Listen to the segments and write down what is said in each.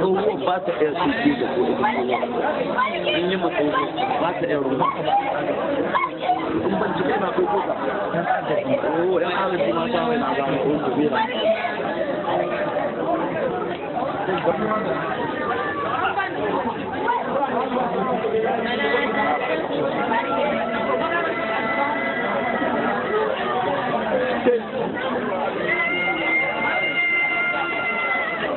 ruwa ba ta iya suke da kuɗi in yi mutum ba ta iya ruwa in ban ci kana ko kuka o ya ala ji ma ta wai na ga ko ku bi na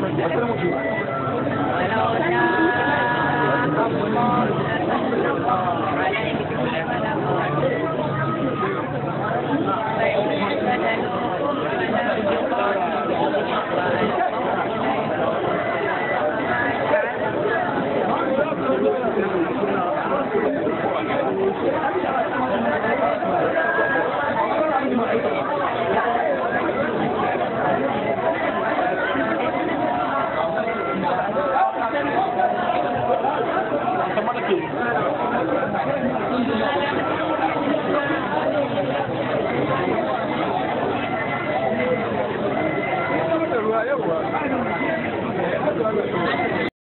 Mas pelo motivo. it was.